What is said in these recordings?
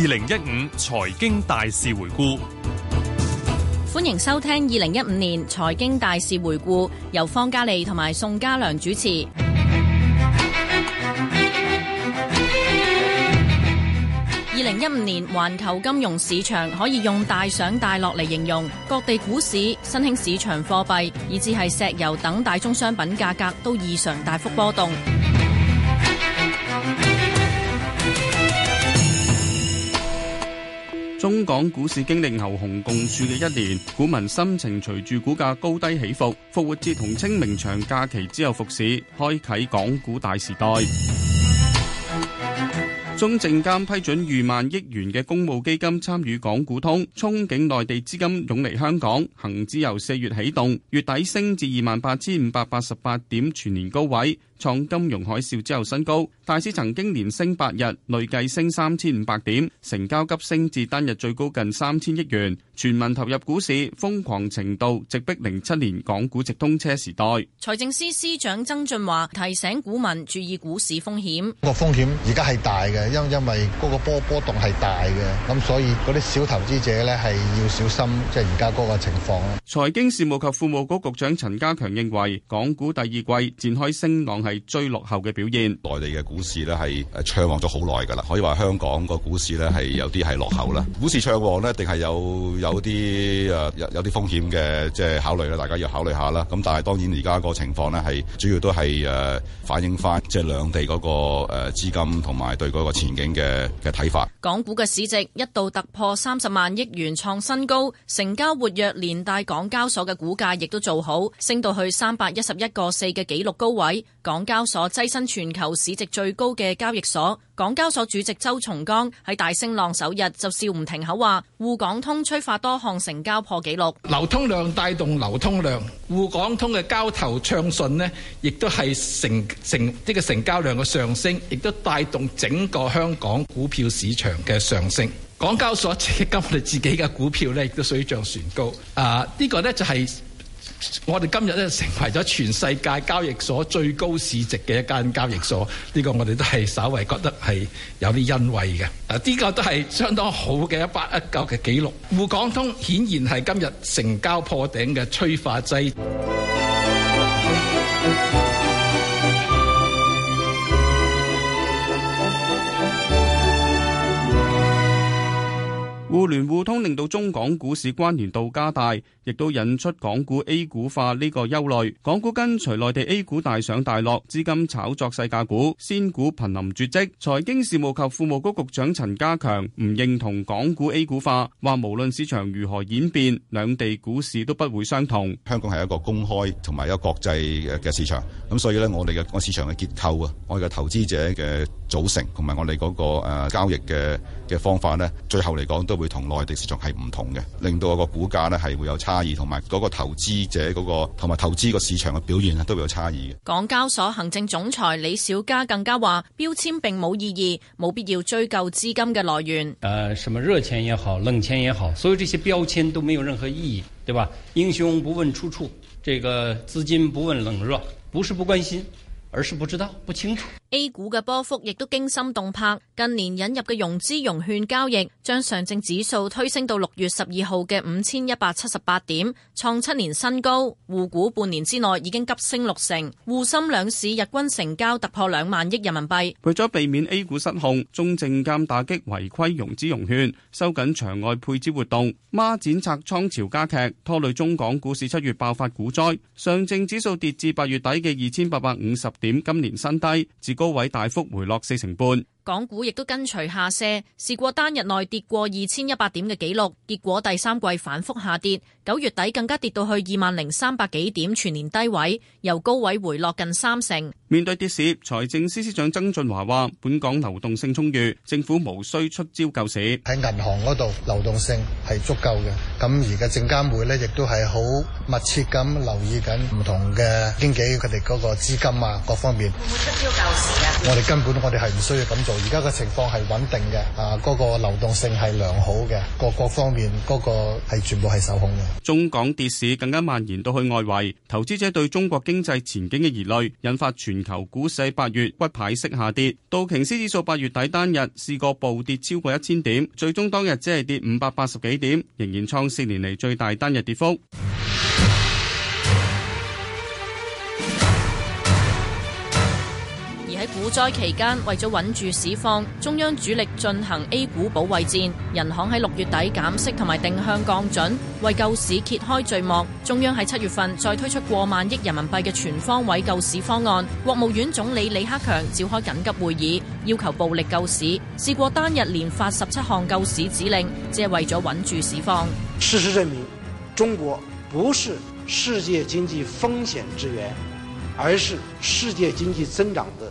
二零一五財經大事回顧，歡迎收聽二零一五年財經大事回顧，由方嘉莉同埋宋家良主持。二零一五年環球金融市場可以用大上大落嚟形容，各地股市、新興市場貨幣、貨幣以至係石油等大宗商品價格都異常大幅波動。中港股市經歷牛熊共處嘅一年，股民心情隨住股價高低起伏。復活節同清明長假期之後復市，開啟港股大時代。中證監批准逾萬億元嘅公募基金參與港股通，憧憬內地資金湧嚟香港。恒指由四月啟動，月底升至二萬八千五百八十八點，全年高位。創金融海嘯之後新高，大市曾經連升八日，累計升三千五百點，成交急升至單日最高近三千億元，全民投入股市，瘋狂程度直逼零七年港股直通車時代。財政司司長曾俊華提醒股民注意股市風險。個風險而家係大嘅，因因為嗰個波波動係大嘅，咁所以嗰啲小投資者呢係要小心，即係而家嗰個情況。財經事務及庫務局局長陳家強認為，港股第二季展開升浪。係最落後嘅表現。內地嘅股市咧，係誒暢旺咗好耐噶啦，可以話香港個股市咧，係有啲係落後啦。股市暢旺咧，定係有有啲誒、呃、有有啲風險嘅，即係考慮啦，大家要考慮下啦。咁但係當然而家個情況咧，係主要都係誒、呃、反映翻，即係兩地嗰、那個誒、呃、資金同埋對嗰個前景嘅嘅睇法。港股嘅市值一度突破三十萬億元創新高，成交活躍，連帶港交所嘅股價亦都做好，升到去三百一十一個四嘅紀錄高位。港港交所躋身全球市值最高嘅交易所，港交所主席周松崗喺大升浪首日就笑唔停口話：滬港通催發多項成交破紀錄，流通量帶動流通量，滬港通嘅交投暢順呢，亦都係成成呢個成交量嘅上升，亦都帶動整個香港股票市場嘅上升。港交所自己今日自己嘅股票呢，亦都水漲船高。啊，呢個呢就係。我哋今日咧成為咗全世界交易所最高市值嘅一間交易所，呢個我哋都係稍微覺得係有啲欣慰嘅。嗱，呢個都係相當好嘅一八一九嘅紀錄。滬港通顯然係今日成交破頂嘅催化劑。互聯互通令到中港股市關聯度加大，亦都引出港股 A 股化，呢個憂慮。港股跟隨內地 A 股大上大落，資金炒作細價股，仙股瀕臨絕跡。財經事務及庫務局局、局長陳家強唔認同港股 A 股化，話無論市場如何演變，兩地股市都不會相同。香港係一個公開同埋一個國際嘅市場，咁所以呢，我哋嘅個市場嘅結構啊，我哋嘅投資者嘅組成，同埋我哋嗰個誒交易嘅嘅方法呢，最後嚟講都會同，同內地市場係唔同嘅，令到個股價呢係會有差異，同埋嗰個投資者嗰個同埋投資個市場嘅表現咧都會有差異。港交所行政總裁李小加更加話：標籤並冇意義，冇必要追究資金嘅來源。呃，什麼熱錢也好，冷錢也好，所有這些標籤都沒有任何意義，對吧？英雄不問出處，這個資金不問冷熱，不是不關心，而是不知道不清楚。A 股嘅波幅亦都驚心動魄，近年引入嘅融資融券交易將上證指數推升到六月十二號嘅五千一百七十八點，創七年新高。滬股半年之內已經急升六成，滬深兩市日均成交突破兩萬億人民幣。為咗避免 A 股失控，中證監打擊違規融資融券，收緊場外配資活動，孖展拆倉潮加劇，拖累中港股市七月爆發股災，上證指數跌至八月底嘅二千八百五十點，今年新低。高位大幅回落四成半。港股亦都跟隨下瀉，試過單日內跌過二千一百點嘅紀錄，結果第三季反復下跌，九月底更加跌到去二萬零三百幾點，全年低位，由高位回落近三成。面對跌市，財政司司長曾俊華話，本港流動性充裕，政府無需出招救市。喺銀行嗰度流動性係足夠嘅，咁而家證監會呢亦都係好密切咁留意緊唔同嘅經紀佢哋嗰個資金啊，各方面會唔會出招救市啊？我哋根本我哋係唔需要咁做。而家嘅情況係穩定嘅，啊，嗰個流動性係良好嘅，各各方面嗰個係全部係受控嘅。中港跌市更加蔓延到去外圍，投資者對中國經濟前景嘅疑慮，引發全球股市八月骨牌式下跌。道瓊斯指數八月底單日試過暴跌超過一千點，最終當日只係跌五百八十幾點，仍然創四年嚟最大單日跌幅。股災期間為咗穩住市況，中央主力進行 A 股保衛戰。人行喺六月底減息同埋定向降準，為救市揭開序幕。中央喺七月份再推出過萬億人民幣嘅全方位救市方案。國務院總理李克強召開緊急會議，要求暴力救市。試過單日連發十七項救市指令，即係為咗穩住市況。事實證明，中國不是世界經濟風險之源，而是世界經濟增長的。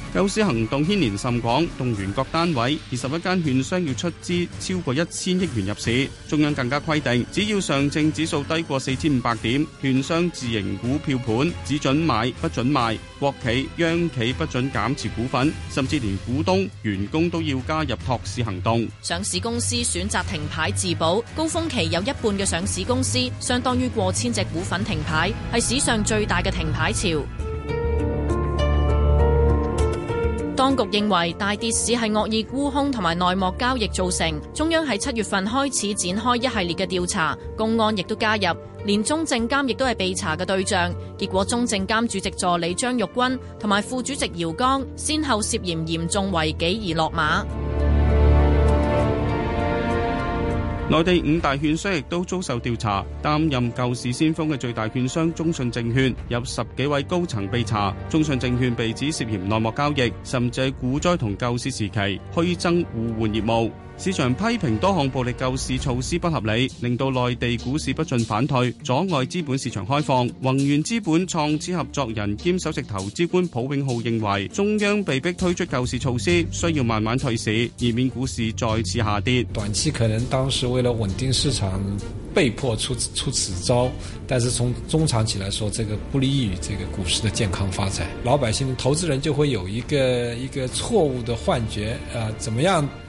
救市行動牽連甚廣，動員各單位二十一間券商要出資超過一千億元入市。中央更加規定，只要上證指數低過四千五百點，券商自營股票盤只准買不准賣，國企、央企不准減持股份，甚至連股東、員工都要加入託市行動。上市公司選擇停牌自保，高峰期有一半嘅上市公司相當於過千隻股份停牌，係史上最大嘅停牌潮。當局認為大跌市係惡意沽空同埋內幕交易造成，中央喺七月份開始展開一系列嘅調查，公安亦都加入，連中證監亦都係被查嘅對象，結果中證監主席助理張玉軍同埋副主席姚剛先後涉嫌嚴重違紀而落馬。內地五大券商亦都遭受調查，擔任救市先鋒嘅最大券商中信證券，有十幾位高層被查，中信證券被指涉嫌內幕交易，甚至股災同救市時期虛增互換業務。市場批評多項暴力救市措施不合理，令到內地股市不進反退，阻礙資本市場開放。宏源資本創始合作人兼首席投資官蒲永浩認為，中央被逼推出救市措施，需要慢慢退市，以免股市再次下跌。短期可能當時為了穩定市場，被迫出出，出此招，但是從中長期來說，這個不利於這個股市的健康發展。老百姓、投資人就會有一個一個錯誤的幻覺，啊、呃，怎麼樣？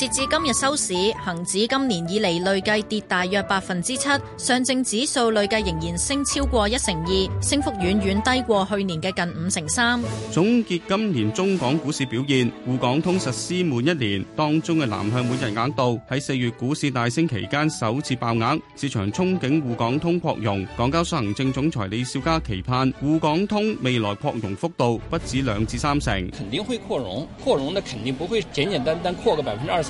截至今日收市，恒指今年以嚟累計跌大約百分之七，上證指數累計仍然升超過一成二，升幅遠遠低過去年嘅近五成三。總結今年中港股市表現，滬港通實施滿一年，當中嘅南向每日額度，喺四月股市大升期間首次爆額，市場憧憬滬港通擴容。港交所行政總裁李小加期盼滬港通未來擴容幅度不止兩至三成。肯定會擴容，擴容嘅肯定不會簡簡單單擴個百分之二十、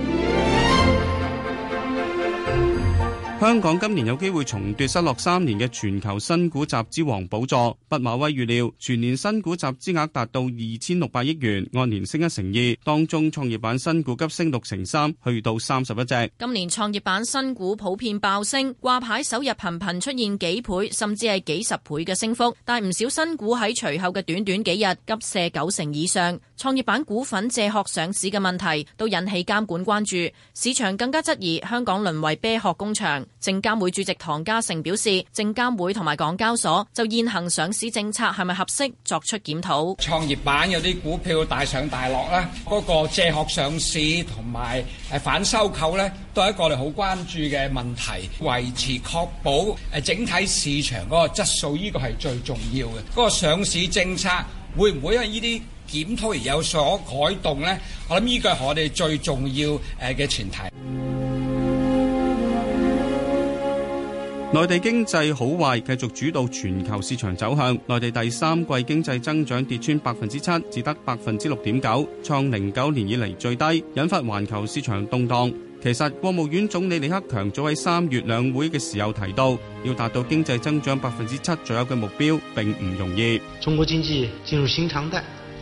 香港今年有機會重奪失落三年嘅全球新股集資王寶座。畢馬威預料全年新股集資額達到二千六百億元，按年升一成二。當中創業板新股急升六成三，去到三十一隻。今年創業板新股普遍爆升，掛牌首日頻頻出現幾倍甚至係幾十倍嘅升幅，但唔少新股喺隨後嘅短短幾日急瀉九成以上。創業板股份借殼上市嘅問題都引起監管關注，市場更加質疑香港淪為啤殼工場。證監會主席唐家成表示，證監會同埋港交所就現行上市政策係咪合適作出檢討。創業板有啲股票大上大落呢，嗰個借殼上市同埋誒反收購呢，都係一個我哋好關注嘅問題。維持確保誒整體市場嗰個質素，呢個係最重要嘅。嗰個上市政策會唔會因為依啲檢討而有所改動呢？我諗呢個係我哋最重要嘅前提。內地經濟好壞繼續主導全球市場走向。內地第三季經濟增長跌穿百分之七，只得百分之六點九，創零九年以嚟最低，引發環球市場動盪。其實，國務院總理李克強早喺三月兩會嘅時候提到，要達到經濟增長百分之七左右嘅目標並唔容易。中國經濟進入新常態。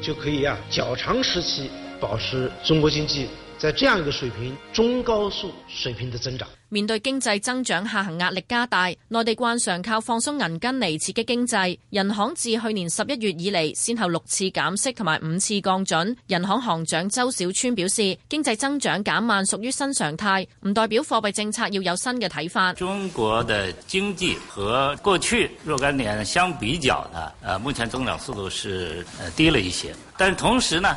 就可以啊，較長時期保持中國經濟。在這樣一個水平，中高速水平的增長，面對經濟增長下行壓力加大，內地慣常靠放鬆銀根嚟刺激經濟，人行自去年十一月以嚟，先後六次減息同埋五次降準，人行行長周小川表示，經濟增長減慢屬於新常態，唔代表貨幣政策要有新嘅睇法。中國的經濟和過去若干年相比較呢，呃，目前增長速度是低了一些，但同時呢。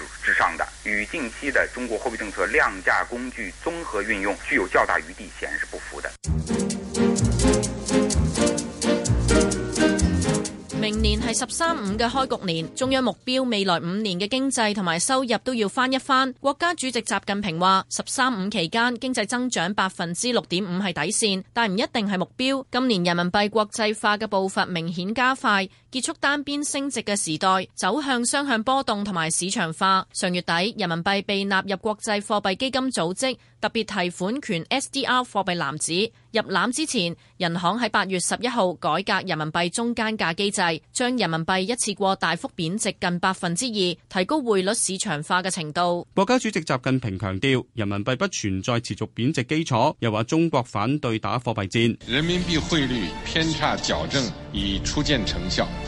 至上的，與近期的中國貨幣政策量價工具綜合運用具有較大餘地，顯然是不符的。明年係“十三五”嘅開局年，中央目標未來五年嘅經濟同埋收入都要翻一番。國家主席習近平話：“十三五”期間經濟增長百分之六點五係底線，但唔一定係目標。今年人民幣國際化嘅步伐明顯加快。結束單邊升值嘅時代，走向雙向波動同埋市場化。上月底，人民幣被納入國際貨幣基金組織特別提款權 （SDR） 貨幣籃子。入籃之前，人行喺八月十一號改革人民幣中間價機制，將人民幣一次過大幅貶值近百分之二，提高匯率市場化嘅程度。國家主席習近平強調，人民幣不存在持續貶值基礎，又話中國反對打貨幣戰。人民幣匯率偏差矯正已初見成效。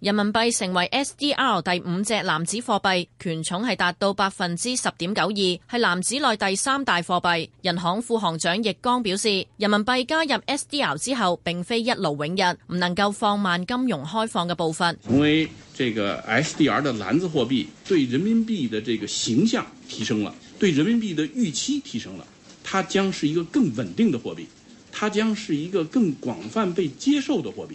人民幣成為 SDR 第五隻籃子貨幣，權重係達到百分之十點九二，係籃子內第三大貨幣。人行副行長易綱表示，人民幣加入 SDR 之後，並非一勞永逸，唔能夠放慢金融開放嘅步伐。因為這個 SDR 的籃子貨幣，對人民幣的這個形象提升了，對人民幣的預期提升了，它將是一個更穩定的貨幣，它將是一個更廣泛被接受的貨幣。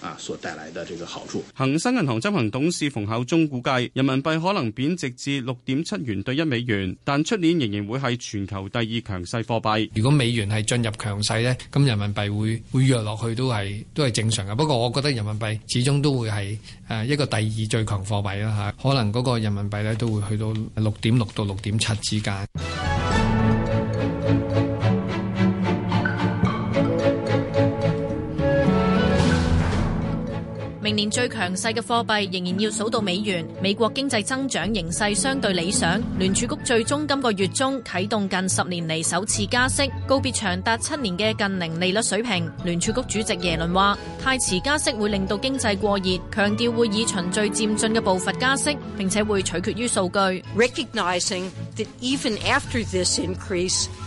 啊，所帶來的這個好處，恒生銀行執行董事馮厚忠估計人民幣可能貶值至六點七元對一美元，但出年仍然會係全球第二強勢貨幣。如果美元係進入強勢呢，咁人民幣會會弱落去都係都係正常嘅。不過我覺得人民幣始終都會係誒一個第二最強貨幣啦吓，可能嗰個人民幣咧都會去到六點六到六點七之間。年最強勢嘅貨幣仍然要數到美元。美國經濟增長形勢相對理想，聯儲局最終今個月中啟動近十年嚟首次加息，告別長達七年嘅近零利率水平。聯儲局主席耶倫話：太遲加息會令到經濟過熱，強調會以循序漸進嘅步伐加息，並且會取決於數據。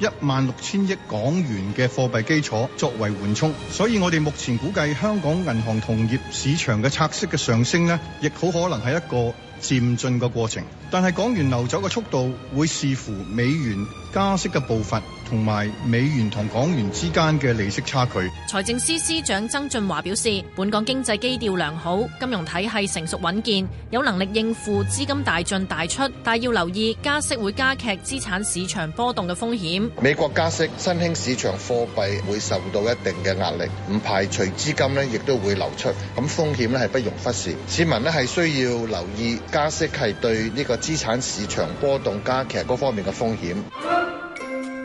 一萬六千億港元嘅貨幣基礎作為緩衝，所以我哋目前估計香港銀行同業市場嘅拆息嘅上升咧，亦好可能係一個漸進嘅過程。但係港元流走嘅速度會視乎美元加息嘅步伐。同埋美元同港元之間嘅利息差距。財政司司長曾俊華表示，本港經濟基調良好，金融體系成熟穩健，有能力應付資金大進大出，但要留意加息會加劇資產市場波動嘅風險。美國加息，新興市場貨幣會受到一定嘅壓力，唔排除資金咧亦都會流出，咁風險咧係不容忽視。市民咧係需要留意加息係對呢個資產市場波動加劇嗰方面嘅風險。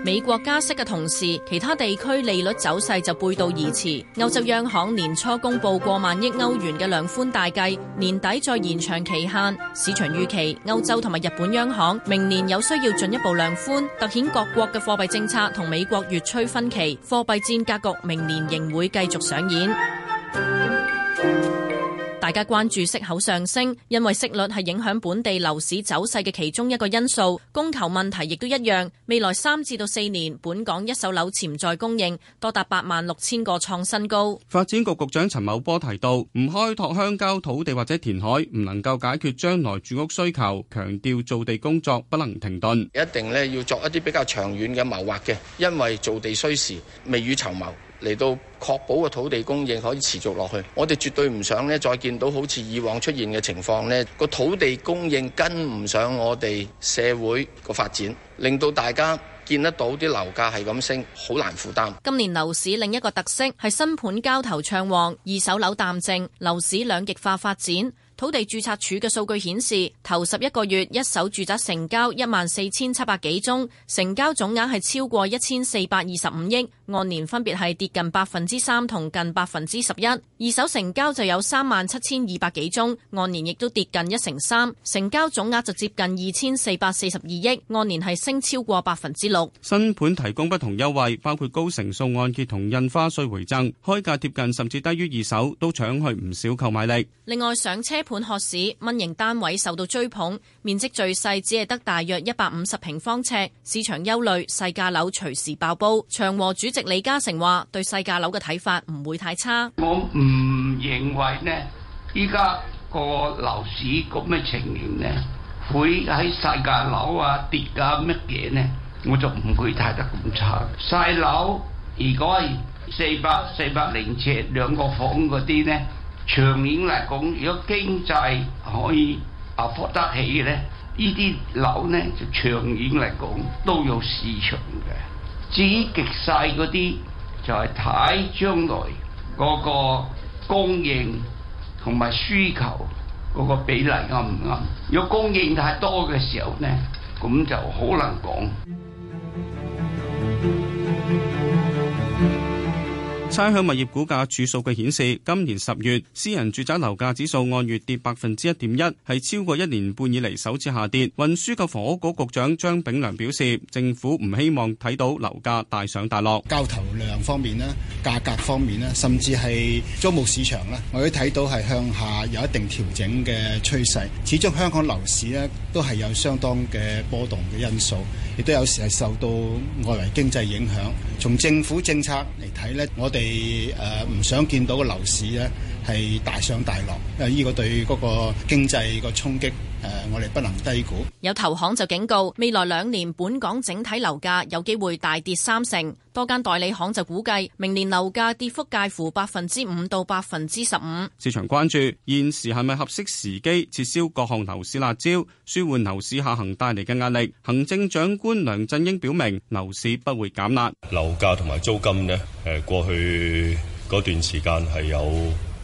美國加息嘅同時，其他地區利率走勢就背道而馳。歐洲央行年初公布過萬億歐元嘅量寬大計，年底再延長期限。市場預期歐洲同埋日本央行明年有需要進一步量寬，凸顯各國嘅貨幣政策同美國越趨分歧，貨幣戰格局明年仍會繼續上演。大家關注息口上升，因為息率係影響本地樓市走勢嘅其中一個因素。供求問題亦都一樣，未來三至到四年，本港一手樓潛在供應多達八萬六千個創新高。發展局局長陳茂波提到，唔開拓鄉郊土地或者填海，唔能夠解決將來住屋需求，強調做地工作不能停頓，一定呢要做一啲比較長遠嘅謀劃嘅，因為做地需時，未雨綢繆。嚟到確保個土地供應可以持續落去，我哋絕對唔想呢，再見到好似以往出現嘅情況。呢個土地供應跟唔上我哋社會個發展，令到大家見得到啲樓價係咁升，好難負擔。今年樓市另一個特色係新盤交投暢旺，二手樓淡靜，樓市兩極化發展。土地註冊處嘅數據顯示，頭十一個月一手住宅成交一萬四千七百幾宗，成交總額係超過一千四百二十五億。按年分別係跌近百分之三同近百分之十一，二手成交就有三萬七千二百幾宗，按年亦都跌近一成三，成交總額就接近二千四百四十二億，按年係升超過百分之六。新盤提供不同優惠，包括高成數按揭同印花稅回贈，開價貼近甚至低於二手，都搶去唔少購買力。另外上車盤學市，蚊型單位受到追捧，面積最細只係得大約一百五十平方尺，市場憂慮細價樓隨時爆煲，長和主。即李嘉誠話：對細價樓嘅睇法唔會太差。我唔認為咧，依家個樓市咁嘅情形咧，會喺細價樓啊跌價咩嘢呢？我就唔會睇得咁差。細樓如果係四百、四百零尺兩個房嗰啲呢，長遠嚟講，如果經濟可以啊復得起嘅咧，呢啲樓呢就長遠嚟講都有市場嘅。至於極細嗰啲，就係睇將來嗰個供應同埋需求嗰個比例啱唔啱。如果供應太多嘅時候咧，咁就好難講。 差向物業股價處數據顯示，今年十月私人住宅樓價指數按月跌百分之一點一，係超過一年半以嚟首次下跌。運輸及房屋局局長張炳良表示，政府唔希望睇到樓價大上大落。交投量方面呢，價格方面呢，甚至係租務市場呢，我都睇到係向下有一定調整嘅趨勢。始終香港樓市呢，都係有相當嘅波動嘅因素。亦都有時係受到外圍經濟影響，從政府政策嚟睇咧，我哋誒唔想見到個樓市咧，係大上大落，啊！呢個對嗰個經濟個衝擊，誒、呃，我哋不能低估。有投行就警告，未來兩年本港整體樓價有機會大跌三成。多間代理行就估計，明年樓價跌幅介乎百分之五到百分之十五。市場關注現時係咪合適時機撤銷各項樓市辣招，舒緩樓市下行帶嚟嘅壓力。行政長官梁振英表明，樓市不會減辣。樓價同埋租金呢。誒，過去嗰段時間係有。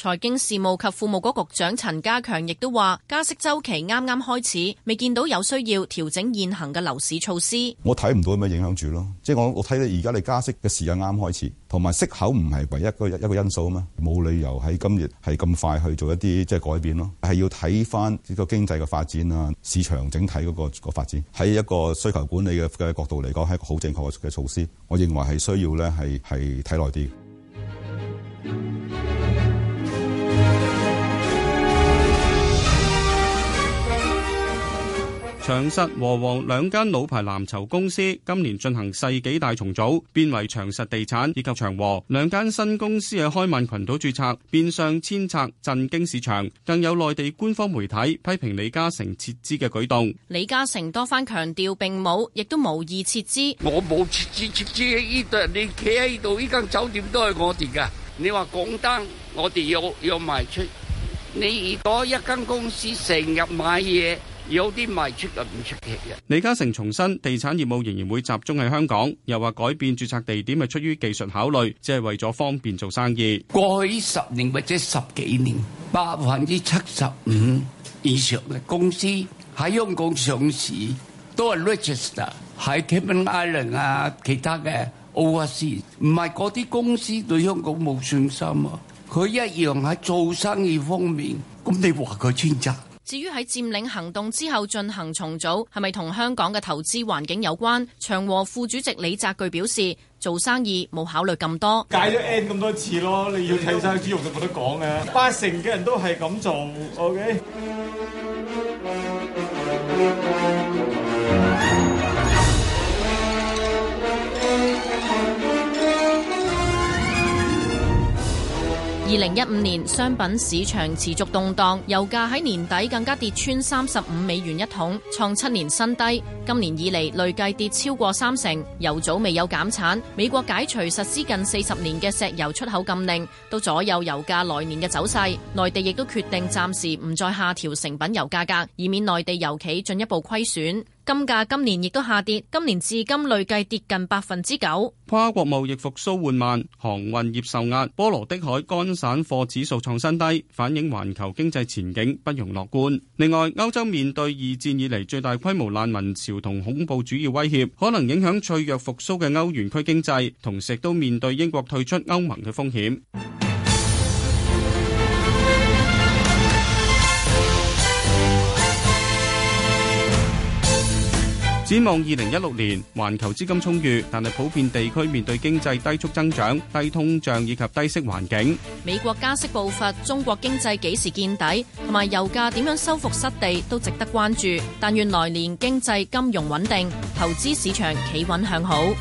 財經事務及庫務局局長陳家強亦都話：加息周期啱啱開始，未見到有需要調整現行嘅樓市措施。我睇唔到咩影響住咯，即係我我睇到而家你加息嘅時間啱開始，同埋息口唔係唯一一個一個因素啊嘛，冇理由喺今日係咁快去做一啲即係改變咯，係要睇翻呢個經濟嘅發展啊，市場整體嗰個個發展喺一個需求管理嘅嘅角度嚟講，係一個好正確嘅措施。我認為係需要咧，係係睇耐啲。長實和黃兩間老牌藍籌公司今年進行世紀大重組，變為長實地產以及長和兩間新公司喺開曼群島註冊，變相遷冊，震驚市場。更有內地官方媒體批評李嘉誠撤資嘅舉動。李嘉誠多番強調，並冇，亦都無意撤資。我冇撤資，撤資喺呢度，你企喺度呢間酒店都係我哋噶。你話港單，我哋要要賣出。你如果一間公司成日買嘢。有啲賣出又唔出奇嘅嘢。李嘉誠重申地產業務仍然會集中喺香港，又話改變注冊地點係出於技術考慮，即係為咗方便做生意。過去十年或者十幾年，百分之七十五以上嘅公司喺香港上市，都係 register 喺 Cayman Island 啊，其他嘅 Overseas。唔係嗰啲公司對香港冇信心啊，佢一樣喺做生意方面，咁你話佢專責？至於喺佔領行動之後進行重組，係咪同香港嘅投資環境有關？長和副主席李澤鉅表示：做生意冇考慮咁多，解咗 N 咁多次咯，你要睇就冇得講嘅。八成嘅人都係咁做，okay？嗯二零一五年商品市場持續動盪，油價喺年底更加跌穿三十五美元一桶，創七年新低。今年以嚟累計跌超過三成，油組未有減產。美國解除實施近四十年嘅石油出口禁令，都左右油價來年嘅走勢。內地亦都決定暫時唔再下調成品油價格，以免內地油企進一步虧損。金價今年亦都下跌，今年至今累計跌近百分之九。跨國貿易復甦緩慢，航運業受壓，波羅的海乾散貨指數創新低，反映環球經濟前景不容樂觀。另外，歐洲面對二戰以嚟最大規模難民潮同恐怖主義威脅，可能影響脆弱復甦嘅歐元區經濟，同時都面對英國退出歐盟嘅風險。展望二零一六年，環球資金充裕，但係普遍地區面對經濟低速增長、低通脹以及低息環境。美國加息步伐，中國經濟幾時見底，同埋油價點樣收復失地都值得關注。但願來年經濟金融穩定，投資市場企穩向好。